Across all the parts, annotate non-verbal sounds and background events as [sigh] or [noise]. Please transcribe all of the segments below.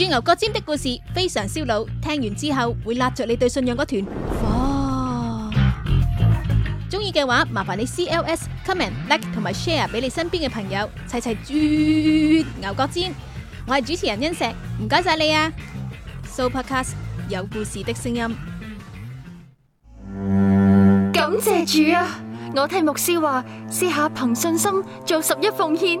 鑽牛角尖的故事非常燒腦，聽完之後會拉著你對信仰嗰團火。中意嘅話，麻煩你 CLS、Comment、Like 同埋 share 俾你身邊嘅朋友，齊齊鑽牛角尖。我係主持人恩石，唔該晒你啊！Sooopodcast 有故事的聲音，感謝主啊！我聽牧師話，試下憑信心做十一奉獻。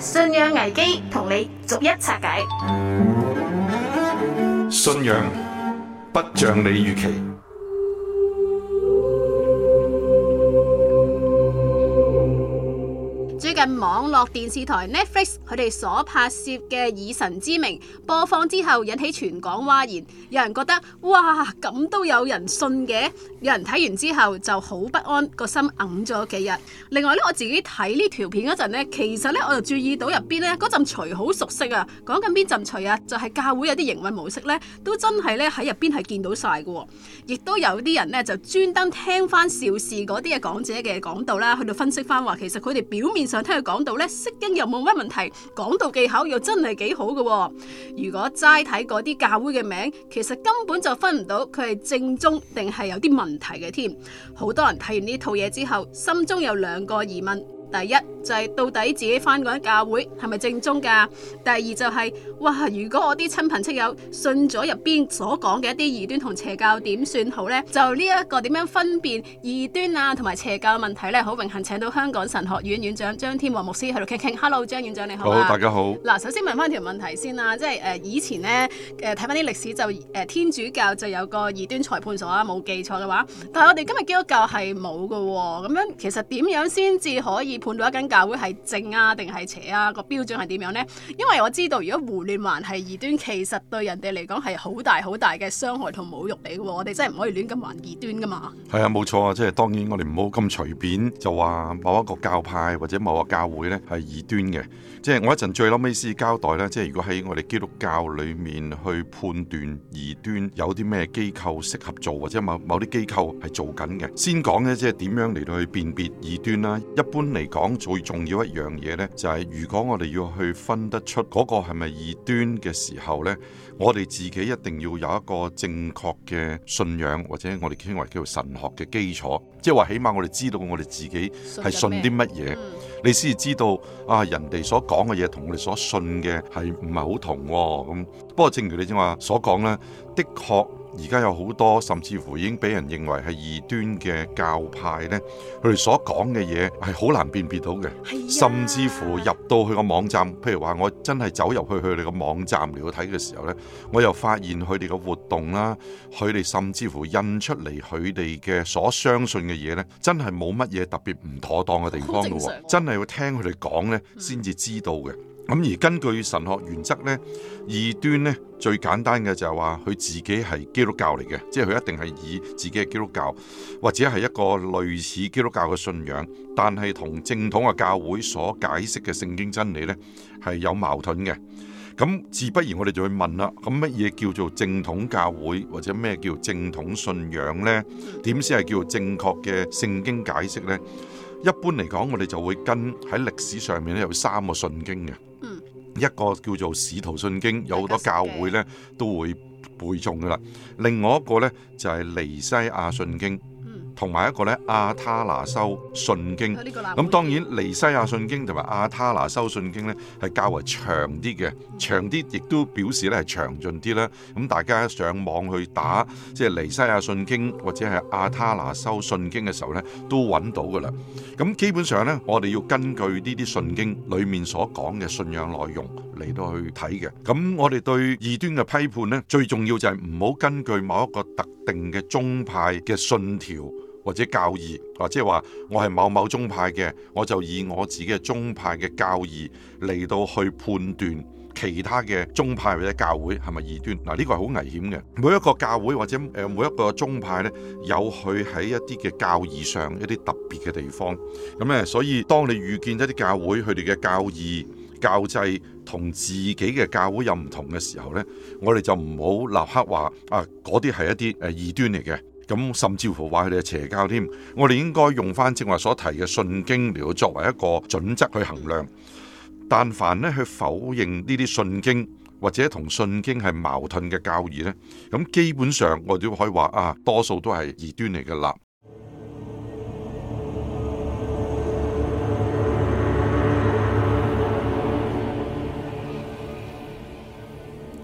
信仰危機，同你逐一拆解。信仰不像你預期。近網絡電視台 Netflix 佢哋所拍攝嘅以神之名播放之後引起全港譁然，有人覺得哇咁都有人信嘅？有人睇完之後就好不安個心揞咗幾日。另外咧，我自己睇呢條片嗰陣咧，其實呢，我就注意到入邊呢嗰陣馴好熟悉啊，講緊邊陣馴啊？就係、是、教會有啲營運模式呢，都真係呢喺入邊係見到晒㗎。亦都有啲人呢，就專登聽翻邵氏嗰啲嘅講者嘅講道啦，去到分析翻話其實佢哋表面上。聽佢講到咧，釋經又冇乜問題，講道技巧又真係幾好嘅。如果齋睇嗰啲教會嘅名，其實根本就分唔到佢係正宗定係有啲問題嘅添。好多人睇完呢套嘢之後，心中有兩個疑問。第一就係、是、到底自己翻嗰間教會係咪正宗噶？第二就係、是、哇，如果我啲親朋戚友信咗入邊所講嘅一啲異端同邪教，點算好呢？就呢一個點樣分辨異端啊，同埋邪教嘅問題呢？好榮幸請到香港神學院院長張天和牧師喺度傾傾。Hello，張院長你好。Hello, 大家好。嗱，首先問翻條問題先啦，即係誒、呃，以前呢，誒睇翻啲歷史就誒、呃、天主教就有個異端裁判所啊，冇記錯嘅話，但係我哋今日基督教係冇噶，咁樣其實點樣先至可以？判到一間教會係正啊定係邪啊個標準係點樣咧？因為我知道如果胡亂還係異端，其實對人哋嚟講係好大好大嘅傷害同侮辱嚟嘅，我哋真係唔可以亂咁還異端噶嘛係啊，冇錯啊，即係當然我哋唔好咁隨便就話某一個教派或者某個教會咧係異端嘅。即係我一陣最嬲尾先交代啦，即係如果喺我哋基督教裏面去判斷異端有啲咩機構適合做，或者某某啲機構係做緊嘅，先講咧即係點樣嚟到去辨別異端啦。一般嚟講最重要一樣嘢呢，就係如果我哋要去分得出嗰個係咪異端嘅時候呢，我哋自己一定要有一個正確嘅信仰，或者我哋稱為叫做神學嘅基礎，即係話起碼我哋知道我哋自己係信啲乜嘢，你先至知道啊。人哋所講嘅嘢同我哋所信嘅係唔係好同咁，哦？不過正如你正話所講呢，的確。而家有好多甚至乎已經俾人認為係異端嘅教派呢，佢哋所講嘅嘢係好難辨別到嘅，甚至乎入到佢個網站，譬如話我真係走入去佢哋個網站嚟去睇嘅時候呢，我又發現佢哋嘅活動啦，佢哋甚至乎印出嚟佢哋嘅所相信嘅嘢呢，真係冇乜嘢特別唔妥當嘅地方嘅喎，真係要聽佢哋講呢先至知道嘅。咁而根據神學原則呢，異端呢，最簡單嘅就係話佢自己係基督教嚟嘅，即係佢一定係以自己係基督教或者係一個類似基督教嘅信仰，但係同正統嘅教會所解釋嘅聖經真理呢係有矛盾嘅。咁自不然我哋就會問啦。咁乜嘢叫做正統教會或者咩叫正統信仰呢？點先係叫做正確嘅聖經解釋呢？一般嚟講，我哋就會跟喺歷史上面咧有三個信經嘅。一個叫做《使徒信經》，有好多教會咧都會背誦㗎喇。另外一個咧就係《尼西亞信經》。同埋一個咧，亞他拿修信經。咁、這個、當然，尼西亞信經同埋亞他拿修信經咧，係較為長啲嘅，長啲亦都表示咧係詳盡啲啦。咁大家上網去打，即係尼西亞信經或者係亞他拿修信經嘅時候咧，都揾到噶啦。咁基本上咧，我哋要根據呢啲信經裡面所講嘅信仰內容嚟到去睇嘅。咁我哋對異端嘅批判咧，最重要就係唔好根據某一個特定嘅宗派嘅信條。或者教義，或者話我係某某宗派嘅，我就以我自己嘅宗派嘅教義嚟到去判斷其他嘅宗派或者教會係咪異端？嗱，呢個係好危險嘅。每一個教會或者誒每一個宗派呢，有佢喺一啲嘅教義上一啲特別嘅地方。咁呢，所以當你遇見一啲教會佢哋嘅教義、教制同自己嘅教會有唔同嘅時候呢，我哋就唔好立刻話啊嗰啲係一啲誒異端嚟嘅。咁甚至乎話佢哋係邪教添，我哋應該用翻正話所提嘅信經嚟到作為一個準則去衡量，但凡呢去否認呢啲信經或者同信經係矛盾嘅教義呢，咁基本上我哋都可以話啊，多數都係異端嚟嘅啦。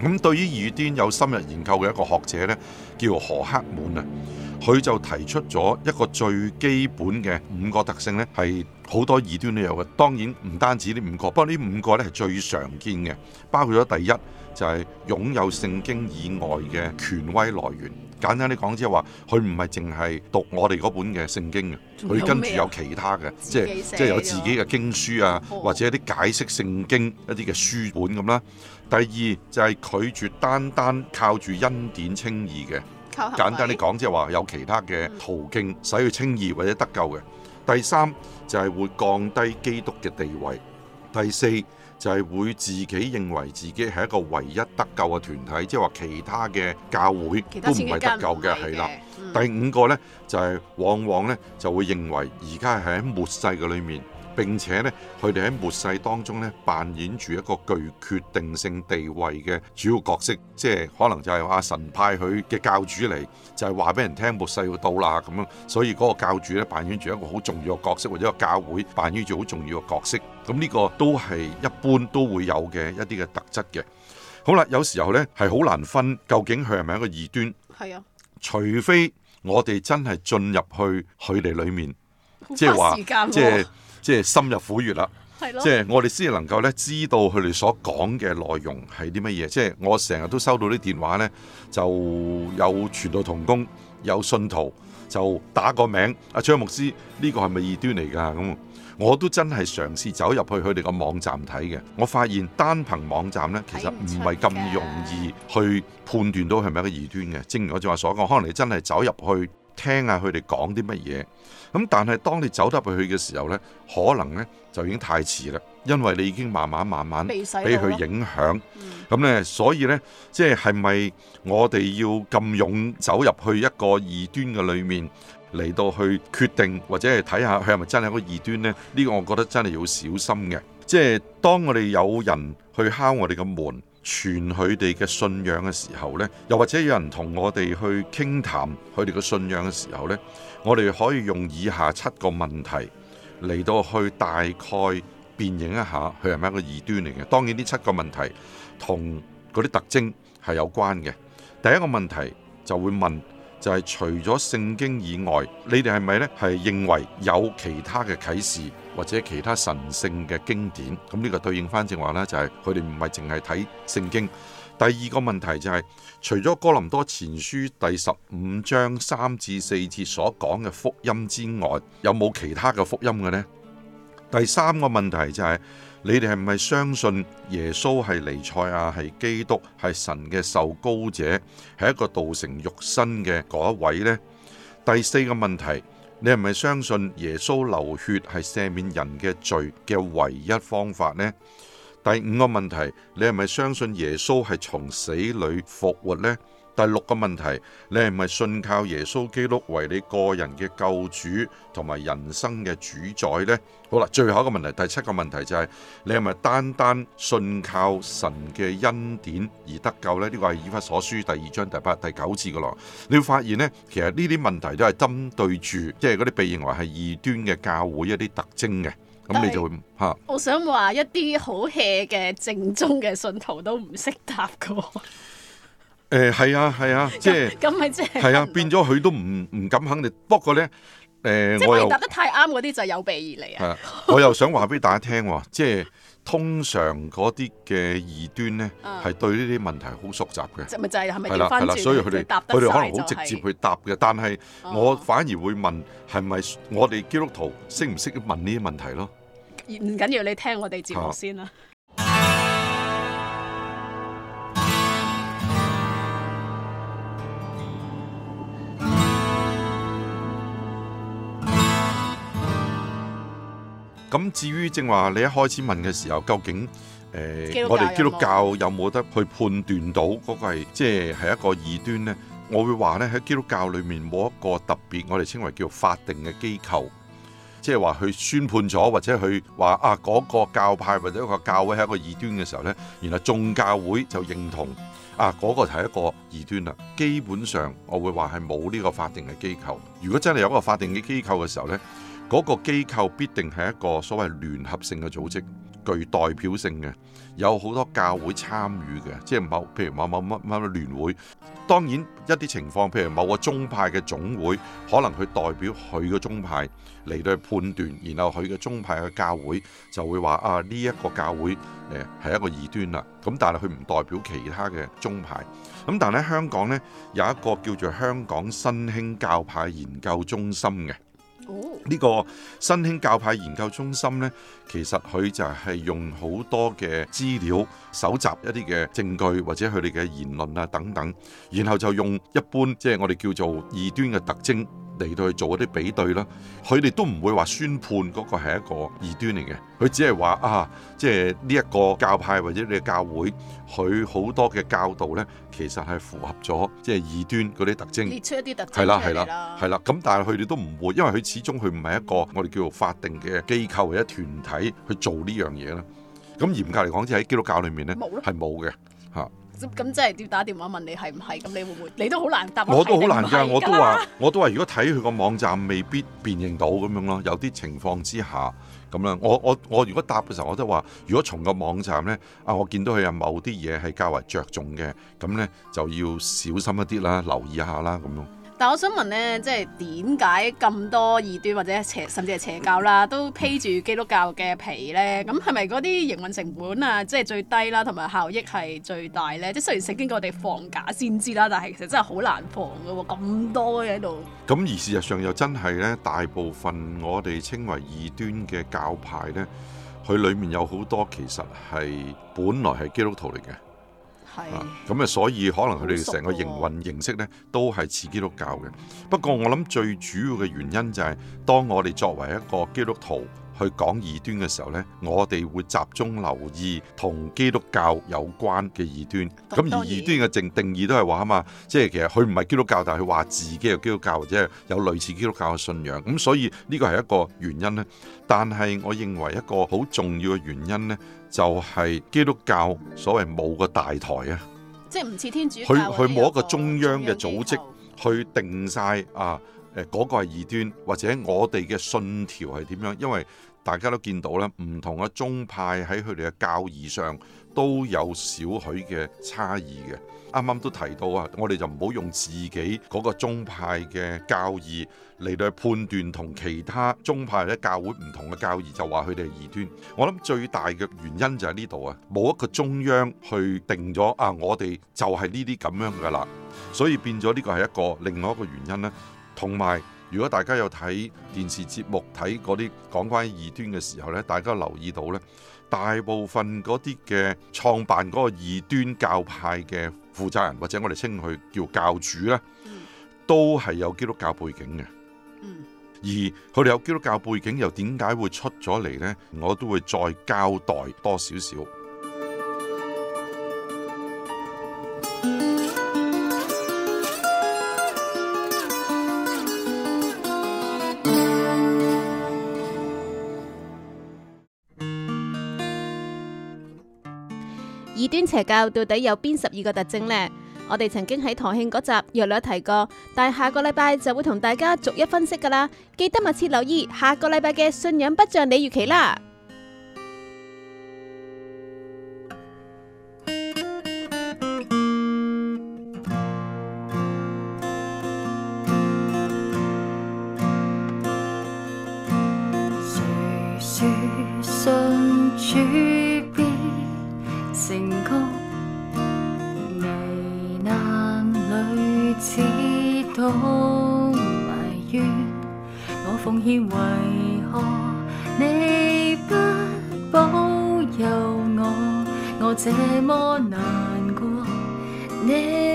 咁對於異端有深入研究嘅一個學者呢，叫何克滿啊，佢就提出咗一個最基本嘅五個特性呢，係好多異端都有嘅。當然唔單止呢五個，不過呢五個呢係最常見嘅，包括咗第一就係、是、擁有聖經以外嘅權威來源。簡單啲講，即係話佢唔係淨係讀我哋嗰本嘅聖經嘅，佢跟住有其他嘅，即係即係有自己嘅經書啊，或者一啲解釋聖經一啲嘅書本咁啦。第二就係拒絕單單靠住恩典稱義嘅，簡單啲講，即係話有其他嘅途徑使佢稱義或者得救嘅。第三就係會降低基督嘅地位。第四就係會自己認為自己係一個唯一得救嘅團體，即係話其他嘅教會都唔係得救嘅，係啦。第五個呢，就係往往呢就會認為而家係喺末世嘅裏面。並且咧，佢哋喺末世當中咧，扮演住一個具決定性地位嘅主要角色，即係可能就係阿神派佢嘅教主嚟，就係話俾人聽末世會到啦咁樣。所以嗰個教主咧，扮演住一個好重要嘅角色，或者個教會扮演住好重要嘅角色。咁呢個都係一般都會有嘅一啲嘅特質嘅。好啦，有時候咧係好難分究竟佢係咪一個異端，係啊，除非我哋真係進入去佢哋裡面，啊、即係話即係。即係深入虎穴啦，即係我哋先至能夠咧知道佢哋所講嘅內容係啲乜嘢。即係我成日都收到啲電話呢，就有傳道同工有信徒就打個名，阿張牧師呢、呢個係咪異端嚟㗎？咁我都真係嘗試走入去佢哋個網站睇嘅，我發現單憑網站呢，其實唔係咁容易去判斷到係咪一個異端嘅。正如我正話所講，可能你真係走入去。聽下佢哋講啲乜嘢，咁但係當你走入去嘅時候呢，可能呢就已經太遲啦，因為你已經慢慢慢慢俾佢影響，咁呢，所以呢，即係係咪我哋要咁勇走入去一個異端嘅裏面嚟到去決定或者係睇下佢係咪真係一個異端呢？呢、呢個我覺得真係要小心嘅，即係當我哋有人去敲我哋嘅門，傳佢哋嘅信仰嘅時候呢，又或者有人同我哋去傾談佢哋嘅信仰嘅時候呢，我哋可以用以下七個問題嚟到去大概辨認一下佢係咪一個異端嚟嘅。當然呢七個問題同嗰啲特徵係有關嘅。第一個問題就會問。就係、是、除咗聖經以外，你哋係咪咧係認為有其他嘅啟示或者其他神聖嘅經典？咁呢個對應翻正話呢就係佢哋唔係淨係睇聖經。第二個問題就係、是，除咗哥林多前書第十五章三至四節所講嘅福音之外，有冇其他嘅福音嘅呢？第三個問題就係、是。你哋係咪相信耶穌係尼賽亞，係基督，係神嘅受膏者，係一個道成肉身嘅嗰一位呢？第四個問題，你係咪相信耶穌流血係赦免人嘅罪嘅唯一方法呢？第五個問題，你係咪相信耶穌係從死裏復活呢？第六個問題，你係咪信靠耶穌基督為你個人嘅救主同埋人生嘅主宰呢？好啦，最後一個問題，第七個問題就係、是、你係咪單單信靠神嘅恩典而得救呢？呢、這個係以弗所書第二章第八第九節嘅內容。你會發現呢，其實呢啲問題都係針對住即係嗰啲被認為係異端嘅教會一啲特徵嘅，咁你就會吓。我想話一啲好 hea 嘅正宗嘅信徒都唔識答嘅。誒、欸，係啊，係啊，即係，咁咪即係，係啊，變咗佢都唔唔敢肯定。不過咧，誒、呃，即係答得太啱嗰啲就有備而嚟啊，啊。我又想話俾大家聽，即係通常嗰啲嘅異端咧，係、啊、對呢啲問題好熟悉嘅。就咪就係係咪係啦係啦，所以佢哋佢哋可能好直接去答嘅、就是，但係我反而會問係咪我哋基督徒識唔識問呢啲問題咯？唔緊要，你聽我哋節目先啦、啊。咁至於正話，你一開始問嘅時候，究竟誒我哋基督教有冇得去判斷到嗰個係即係一個異端呢？我會話呢，喺基督教裏面冇一個特別，我哋稱為叫法定嘅機構，即係話去宣判咗或者去話啊嗰個教派或者一個教會係一個異端嘅時候呢，原來眾教會就認同啊嗰個係一個異端啦。基本上，我會話係冇呢個法定嘅機構。如果真係有一個法定嘅機構嘅時候呢。嗰個機構必定係一個所謂聯合性嘅組織，具代表性嘅，有好多教會參與嘅，即係某譬如某某乜乜聯會。當然一啲情況，譬如某個宗派嘅總會，可能佢代表佢嘅宗派嚟到去判斷，然後佢嘅宗派嘅教會就會話啊呢一個教會誒係一個異端啦。咁但係佢唔代表其他嘅宗派。咁但係咧，香港呢有一個叫做香港新興教派研究中心嘅。呢、這個新興教派研究中心呢，其實佢就係用好多嘅資料搜集一啲嘅證據或者佢哋嘅言論啊等等，然後就用一般即係、就是、我哋叫做異端嘅特徵。嚟到去做一啲比對啦，佢哋都唔會話宣判嗰個係一個異端嚟嘅，佢只係話啊，即係呢一個教派或者你嘅教會，佢好多嘅教導咧，其實係符合咗即係異端嗰啲特徵，列出一啲特徵係啦係啦係啦，咁但係佢哋都唔會，因為佢始終佢唔係一個我哋叫做法定嘅機構或者團體去做呢樣嘢啦。咁嚴格嚟講，即係喺基督教裏面咧，係冇嘅吓。啊咁即係要打電話問你係唔係？咁你會唔會？你都好難答我我難是是。我都好難噶， [laughs] 我都話，我都話，如果睇佢個網站未必辨認到咁樣咯，有啲情況之下咁樣。我我我如果答嘅時候，我都話，如果從個網站呢，啊，我見到佢有某啲嘢係較為着重嘅，咁呢，就要小心一啲啦，留意下啦，咁樣。但我想問咧，即係點解咁多異端或者邪，甚至係邪教啦，都披住基督教嘅皮咧？咁係咪嗰啲營運成本啊，即係最低啦、啊，同埋效益係最大咧？即係雖然聖經叫我哋防假先知啦，但係其實真係好難防嘅喎、啊，咁多喺度。咁而事實上又真係咧，大部分我哋稱為異端嘅教派咧，佢裡面有好多其實係本來係基督徒嚟嘅。啊，咁啊，所以可能佢哋成個營運形式咧，都係似基督教嘅。不過我諗最主要嘅原因就係，當我哋作為一個基督徒，去講異端嘅時候呢，我哋會集中留意同基督教有關嘅異端。咁而異端嘅正定義都係話啊嘛，即係其實佢唔係基督教，但係佢話自己係基督教或者係有類似基督教嘅信仰。咁所以呢個係一個原因呢。但係我認為一個好重要嘅原因呢，就係基督教所謂冇個大台啊，即係唔似天主教，佢佢冇一個中央嘅組織去定晒。啊。誒、那、嗰個係異端，或者我哋嘅信條係點樣？因為大家都見到咧，唔同嘅宗派喺佢哋嘅教義上都有少許嘅差異嘅。啱啱都提到啊，我哋就唔好用自己嗰個宗派嘅教義嚟到判斷同其他宗派咧教會唔同嘅教義，就話佢哋係異端。我諗最大嘅原因就係呢度啊，冇一個中央去定咗啊，我哋就係呢啲咁樣㗎啦，所以變咗呢個係一個另外一個原因呢。同埋，如果大家有睇電視節目，睇嗰啲講關於異端嘅時候咧，大家留意到呢，大部分嗰啲嘅創辦嗰個異端教派嘅負責人，或者我哋稱佢叫教主呢，都係有基督教背景嘅。而佢哋有基督教背景，又點解會出咗嚟呢？我都會再交代多少少。異端邪教到底有邊十二個特徵呢？我哋曾經喺堂慶嗰集約略提過，但係下個禮拜就會同大家逐一分析噶啦，記得密切留意下個禮拜嘅信仰不像你預期啦。隨隨埋怨我奉獻，為何你不保佑我？我這麼難過。 [music]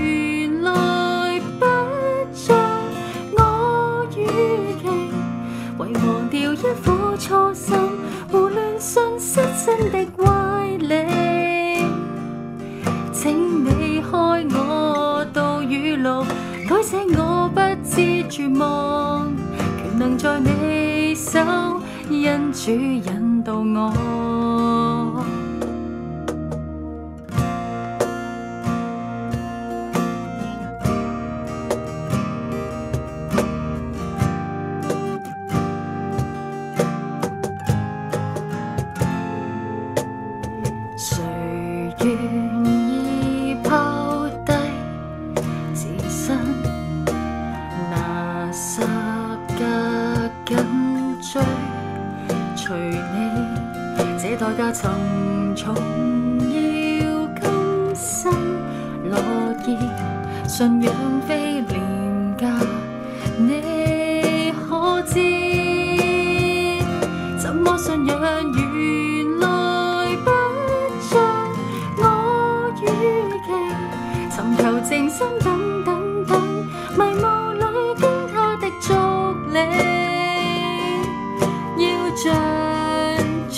改寫我不知絕望，權能在你手，因主引導我。隨你，這代價沉重要甘心樂意，信仰非廉價，你可知？怎麼信仰？